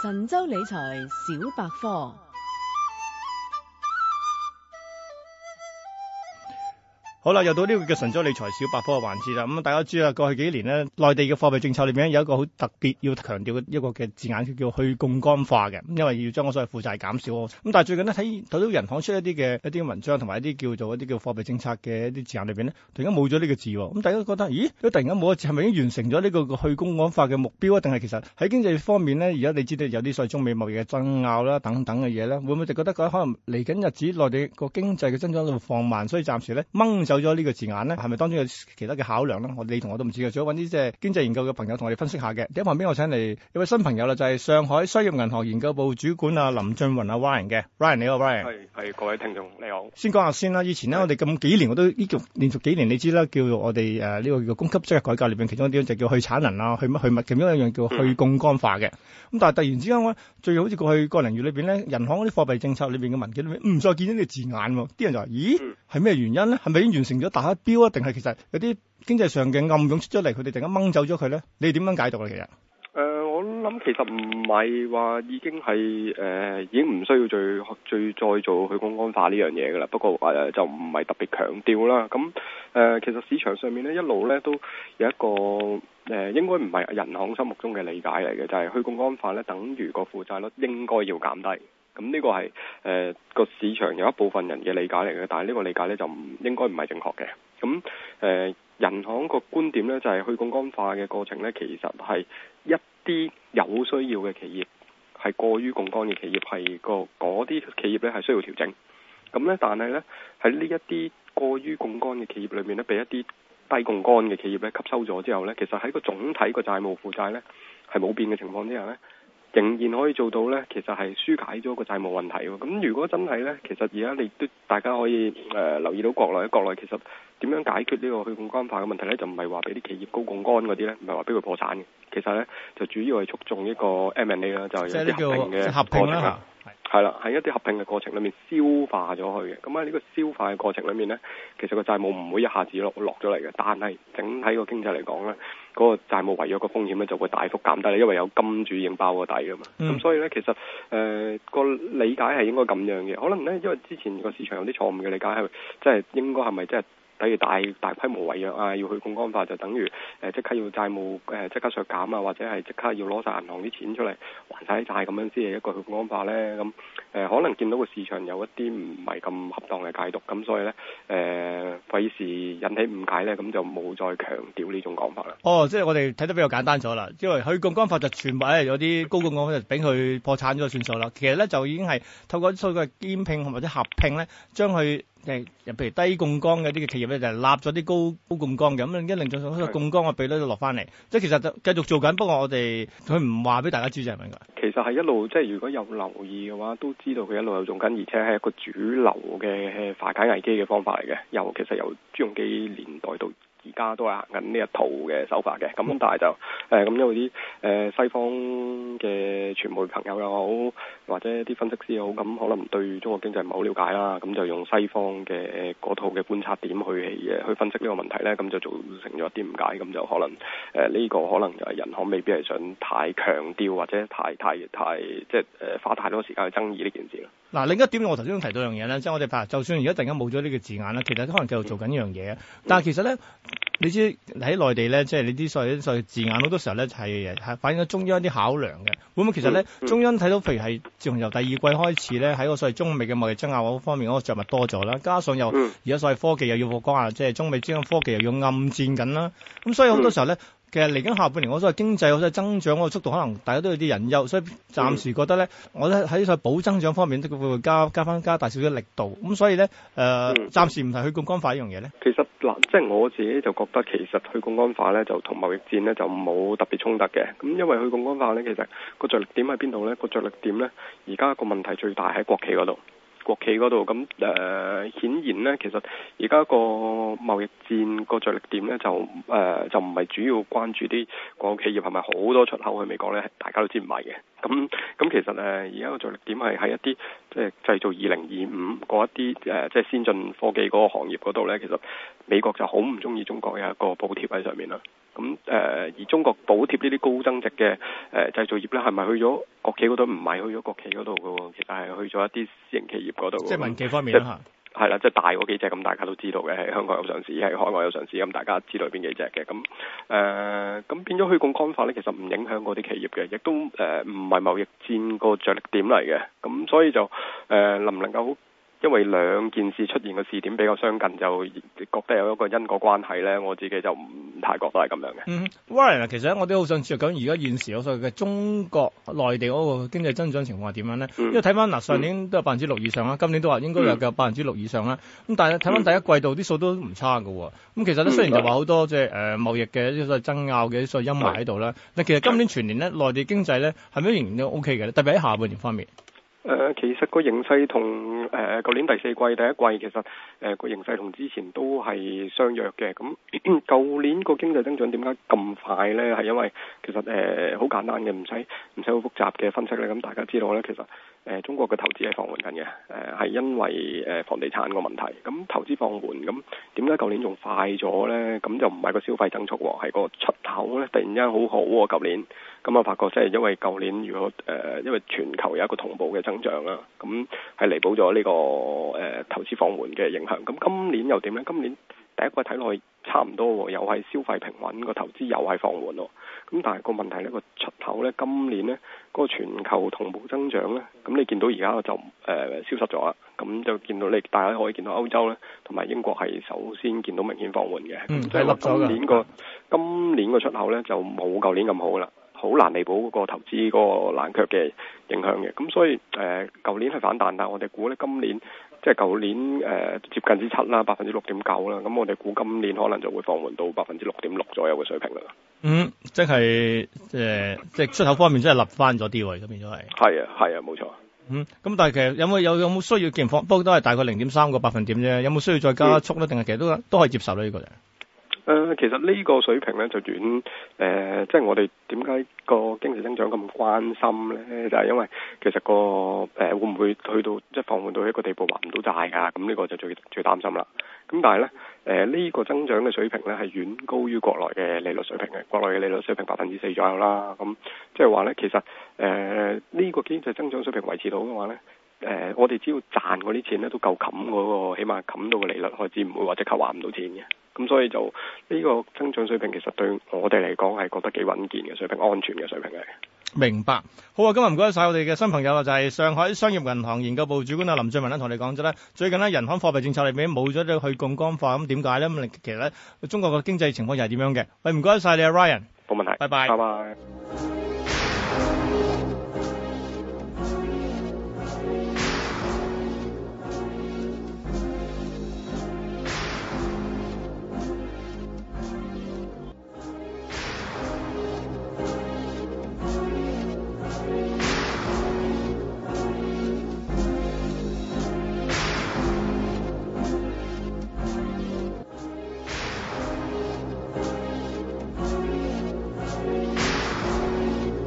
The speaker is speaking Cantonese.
神州理財小百科。好啦，又到呢個嘅神州理財小百科嘅環節啦，咁、嗯、大家知啦，過去幾年咧，內地嘅貨幣政策裏面有一個好特別要強調嘅一個嘅字眼，叫叫去槓桿化嘅，因為要將我所謂負債減少。咁、嗯、但係最近呢，睇睇到人行出一啲嘅一啲文章同埋一啲叫做一啲叫貨幣政策嘅一啲字眼裏邊呢，突然間冇咗呢個字、哦，咁、嗯、大家都覺得咦？如突然間冇咗字，係咪已經完成咗呢個去槓桿化嘅目標啊？定係其實喺經濟方面呢。而家你知道有啲所謂中美貿易嘅爭拗啦等等嘅嘢咧，會唔會就覺得可能嚟緊日子內地個經濟嘅增長度放慢，所以暫時咧掹？有咗呢個字眼咧，係咪當中有其他嘅考量咧？我你同我都唔知嘅，最好揾啲即係經濟研究嘅朋友同我哋分析一下嘅。喺旁邊我請嚟一位新朋友啦，就係、是、上海商業銀行研究部主管啊林俊泓啊 Ryan 嘅，Ryan 你好，Ryan。係係各位聽眾你好。先講下先啦，以前呢，我哋咁幾年我都依續連續幾年你知啦，叫做我哋誒呢個叫做供給側改革裏邊其中一啲就叫去產能啊，去乜去物，其中一樣叫去供幹化嘅。咁但係突然之間咧，最好似過去個零月裏邊咧，人行嗰啲貨幣政策裏邊嘅文件裏邊唔再見到呢個字眼喎，啲人就話：咦，係、嗯、咩原因咧？係咪因？完成咗達標啊？定係其實有啲經濟上嘅暗湧出咗嚟，佢哋突然間掹走咗佢咧？你點樣解讀啊？呃、我想其實，誒，我諗其實唔係話已經係誒、呃、已經唔需要再再再做去槓桿化呢樣嘢噶啦。不過誒、呃、就唔係特別強調啦。咁誒、呃、其實市場上面咧一路咧都有一個誒、呃、應該唔係人行心目中嘅理解嚟嘅，就係、是、去槓桿化咧等於個負債率應該要減低。咁、這、呢個係誒個市場有一部分人嘅理解嚟嘅，但係呢個理解呢就唔應該唔係正確嘅。咁誒人行個觀點呢，就係、是、去槓桿化嘅過程呢，其實係一啲有需要嘅企業係過於槓桿嘅企業，係個嗰啲企業呢係需要調整。咁、嗯、呢，但係呢喺呢一啲過於槓桿嘅企業裏面呢，俾一啲低槓桿嘅企業呢吸收咗之後呢，其實喺個總體個債務負債呢，係冇變嘅情況之下呢。仍然可以做到咧，其實係疏解咗個債務問題喎。咁如果真係咧，其實而家你都大家可以、呃、留意到國內喺國內其一，其實點樣解決呢個去槓桿化嘅問題咧？就唔係話俾啲企業高槓桿嗰啲咧，唔係話俾佢破產嘅。其實咧就主要係促進一個 M&A 啦，就係一啲平嘅合併啦。係啦，喺一啲合併嘅過程裏面消化咗佢嘅，咁喺呢個消化嘅過程裏面呢，其實個債務唔會一下子落落咗嚟嘅，但係整體經濟來、嗰個經濟嚟講呢，嗰個債務違約個風險呢，就會大幅減低，因為有金主影包個底啊嘛。咁、嗯、所以呢，其實誒、呃個理解係應該咁樣嘅，可能呢因為之前個市場有啲錯誤嘅理解係，即、就、係、係、應該係咪即係？例如大大規模違約啊，要去槓桿法，就等於誒即、呃、刻要債務誒即、呃、刻削減啊，或者係即刻要攞晒銀行啲錢出嚟還晒啲債咁樣先係一個去槓桿法咧。咁、嗯、誒、呃、可能見到個市場有一啲唔係咁恰當嘅解讀，咁、嗯、所以咧誒費事引起誤解咧，咁、嗯、就冇再強調呢種講法啦。哦，即係我哋睇得比較簡單咗啦，因為去槓桿法就全部誒有啲高槓桿俾佢破產咗算數啦。其實咧就已經係透過所嘅兼併或者合併咧，將佢。即係，譬如低槓桿嘅啲嘅企業咧，就係立咗啲高高槓桿嘅，咁一令九上高槓桿嘅比率都落翻嚟，即係其實就繼續做緊，不過我哋佢唔話俾大家知就明唔明啊？其實係一路即係如果有留意嘅話，都知道佢一路有做緊，而且係一個主流嘅化、呃、解危機嘅方法嚟嘅。尤其是由朱鎔基年代到而家都係行緊呢一套嘅手法嘅。咁但係就誒咁有啲誒西方嘅傳媒朋友又好。或者啲分析師好咁，可能對中國經濟唔係好了解啦，咁就用西方嘅嗰套嘅觀察點去去分析呢個問題咧，咁就造成咗一啲誤解，咁就可能誒呢、呃呢個可能就係人行未必係想太強調或者太太太即係誒花太多時間去爭議呢件事咯。嗱，另一點我頭先提到樣嘢咧，即係我哋就算而家突然間冇咗呢個字眼咧，其實可能繼續做緊樣嘢。但係其實咧，你知喺內地咧，即、就、係、是、你啲所謂所謂字眼好多時候咧係反映咗中央啲考量嘅。會唔會其實咧、嗯、中央睇到譬如係？自從由第二季開始咧，喺個所謂中美嘅貿易爭拗嗰方面，嗰、嗰個著墨多咗啦，加上又而家所謂科技又要複講下，即係中美之間科技又要暗戰緊啦，咁所以好多時候咧。其實嚟緊下，下半年，我都係經濟，我都增長嗰個速度，可能大家都有啲隱憂，所以暫時覺得咧，嗯、我咧喺保增長方面，都會加加翻加大少少力度。咁所以咧，誒、呃，嗯、暫時唔係去槓桿化呢樣嘢咧。其實嗱，即、就、係、是、我自己就覺得其就就，其實去槓桿化咧，就同貿易戰咧，就冇特別衝突嘅。咁因為去槓桿化咧，其實個着力點喺邊度咧？個着力點咧，而家個問題最大喺國企嗰度。國企嗰度咁誒，顯然呢，其實而家個貿易戰個着力點呢，呃，就誒就唔係主要關注啲國企業係咪好多出口去美國呢？大家都知唔係嘅。咁咁其實誒，而家個着力點係喺一啲即係製造二零二五嗰一啲誒，即係先進科技嗰個行業嗰度呢。其實美國就好唔中意中國有一個補貼喺上面啦。咁誒、呃、而中國補貼呢啲高增值嘅、呃、製造業咧，係咪去咗國企嗰度？唔係去咗國企嗰度嘅喎，其實係去咗一啲私營企業嗰度。即係民企方面嚇。係啦，即係大嗰幾隻咁，大家都知道嘅，係香港有上市，係海外有上市，咁大家知道邊幾隻嘅。咁誒咁變咗去槓桿化咧，其實唔影響嗰啲企業嘅，亦都誒唔係貿易戰個着力點嚟嘅。咁所以就誒、呃、能唔能夠因為兩件事出現嘅時點比較相近，就覺得有一個因果關係咧。我自己就唔太覺得係咁樣嘅。嗯，Warren，其實咧，我都好想知啊。咁而家現時所謂嘅中國內地嗰個經濟增長情況係點樣咧、嗯？因為睇翻嗱，上年都有百分之六以上啦、嗯，今年都話應該有夠百分之六以上啦。咁、嗯、但係睇翻第一季度啲、嗯、數都唔差嘅。咁其實咧，雖然就話好多即係誒貿易嘅一啲所謂爭拗嘅一啲所謂陰霾喺度啦。但其實今年全年咧、嗯、內地經濟咧係咪仍然都 OK 嘅咧？特別喺下半年方面。誒、呃，其實個形勢同誒，舊、呃、年第四季第一季，其實誒個、呃、形勢同之前都係相若嘅。咁舊年個經濟增長點解咁快呢？係因為其實誒好、呃、簡單嘅，唔使唔使好複雜嘅分析咧。咁大家知道呢，其實。呃、中國嘅投資係放緩緊嘅，係、呃、因為、呃、房地產個問題，咁投資放緩，咁點解舊年仲快咗呢？咁就唔係個消費增速喎，係個出口呢。突然間好好喎，舊年，咁啊發覺即係因為舊年如果誒、呃、因為全球有一個同步嘅增長啦，咁係彌補咗呢、呢個、呃、投資放緩嘅影響，咁今年又點呢？今年第一季睇落去。差唔多，又係消費平穩，個投資又係放緩咯。咁但係個問題呢個出口呢，今年呢嗰個全球同步增長呢。咁你見到而家就誒消失咗啦。咁就見到你大家可以見到歐洲呢同埋英國係首先見到明顯放緩嘅，即、嗯、係今年個今年個出口呢，就冇舊年咁好啦，好難彌補嗰個投資嗰個冷卻嘅影響嘅。咁所以誒，舊年係反彈，但係我哋估呢今年。即係舊年、呃、接近之七啦，百分之六點九啦，咁我哋估今年可能就會放緩到百分之六點六左右嘅水平啦。嗯，即係、呃、即係出口方面真係立翻咗啲喎，而家變咗係。係啊，係啊，冇錯。嗯，咁但係其實有冇有、有有冇需要見放？不過都係大概零點三個百分點啫。有冇需要再加速咧？定、嗯、係其實都都可以接受咧？呢個就。呃、其實呢個水平咧就遠誒，即、呃、係、就是、我哋點解個經濟增長咁關心咧？就係、是、因為其實、個誒、呃、會唔會去到即係、就是、放緩到一個地步還唔到債啊？咁呢個就最最擔心啦。咁但係咧呢、呃呢個增長嘅水平咧係遠高於國內嘅利率水平嘅，國內嘅利率水平百分之四左右啦。咁即係話咧，其實誒呢、呃呢個經濟增長水平維持到嘅話咧。誒、呃，我哋只要賺嗰啲錢咧，都夠冚嗰個，起碼冚到個利率開支，唔會話即刻還唔到錢嘅。咁所以就呢、這個增長水平，其實對我哋嚟講係覺得幾穩健嘅水平，安全嘅水平嚟。明白。好啊，今日唔該晒我哋嘅新朋友啊，就係、是、上海商業銀行研究部主管啊林俊泓同你講咗咧。最近咧，人行貨幣政策裡面冇咗去槓杆化，咁點解咧？咁其實咧，中國嘅經濟情況又係點樣嘅？唔該晒你啊，Ryan。冇問題。拜拜。拜拜。